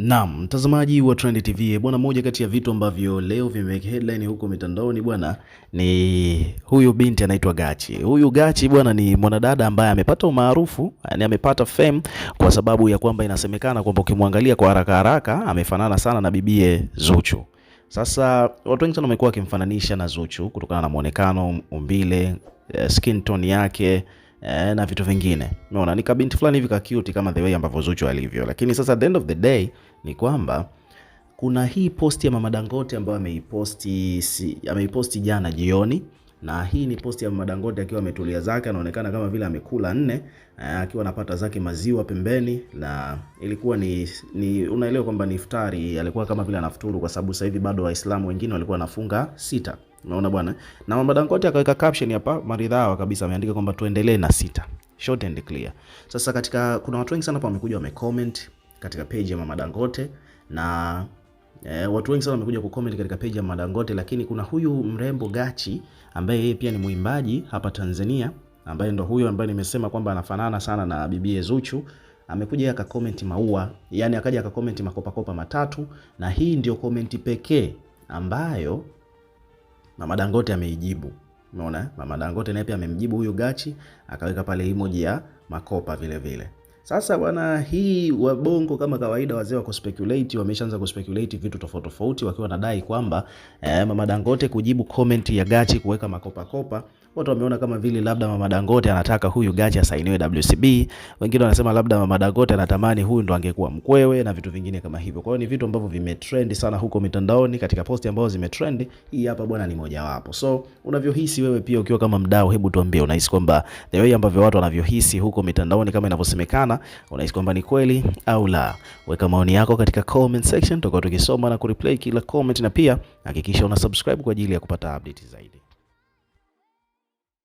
Naam, mtazamaji wa Trend TV bwana, moja kati ya vitu ambavyo leo vimeweka headline huko mitandaoni bwana ni huyu binti anaitwa Gachi. Huyu Gachi bwana ni mwanadada ambaye amepata umaarufu, yani amepata fame kwa sababu ya kwamba inasemekana kwamba ukimwangalia kwa haraka haraka amefanana sana na bibie Zuchu. Sasa watu wengi sana wamekuwa wakimfananisha na Zuchu kutokana na mwonekano, umbile, eh, skin tone yake e, na vitu vingine. Unaona ni kabinti fulani hivi ka cute kama the way ambavyo Zuchu alivyo. Lakini sasa the end of the day ni kwamba kuna hii posti ya Mama Dangote ambayo ameiposti si, ameiposti jana jioni na hii ni posti ya Mama Dangote akiwa ametulia zake, anaonekana kama vile amekula nne, eh, akiwa anapata zake maziwa pembeni, na ilikuwa ni, ni unaelewa kwamba ni iftari, alikuwa kama vile anafuturu, kwa sababu sasa hivi bado Waislamu wengine walikuwa wanafunga sita. Unaona bwana? Na Mama Dangote akaweka caption hapa maridhawa kabisa, ameandika kwamba tuendelee na sita. Short and clear. Sasa katika kuna watu wengi sana hapa wamekuja wamecomment katika page ya Mama Dangote na e, watu wengi sana wamekuja kucomment katika page ya Mama Dangote, lakini kuna huyu mrembo Gachi ambaye yeye pia ni mwimbaji hapa Tanzania ambaye ndo huyo ambaye nimesema kwamba anafanana sana na bibi Zuchu amekuja aka comment maua, yani akaja akacomment makopa kopa matatu, na hii ndio comment pekee ambayo Mama Dangote ameijibu. Umeona? Eh? Mama Dangote naye pia amemjibu huyu Gachi akaweka pale emoji ya makopa vile vile. Sasa bwana, hii wabongo kama kawaida, wazee wa kuspeculate wameshaanza kuspeculate vitu tofauti tofauti, wakiwa wanadai kwamba eh, Mama Dangote kujibu comment ya Gachi kuweka makopa kopa watu wameona kama vile labda Mama Dangote anataka huyu Gacha asainiwe WCB. Wengine wanasema labda Mama Dangote anatamani huyu ndo angekuwa mkwewe na vitu vingine kama hivyo. Kwa hiyo ni vitu ambavyo vimetrend sana huko mitandaoni, katika posti ambazo zimetrend, hii hapa bwana ni moja wapo. So unavyohisi wewe pia ukiwa kama mdau, hebu tuambie, unahisi kwamba the way ambavyo watu wanavyohisi huko mitandaoni kama inavyosemekana, unahisi kwamba ni kweli au la? Weka maoni yako katika comment section, tutakuwa tukisoma na kureply kila comment, na pia hakikisha una subscribe kwa ajili ya kupata update zaidi.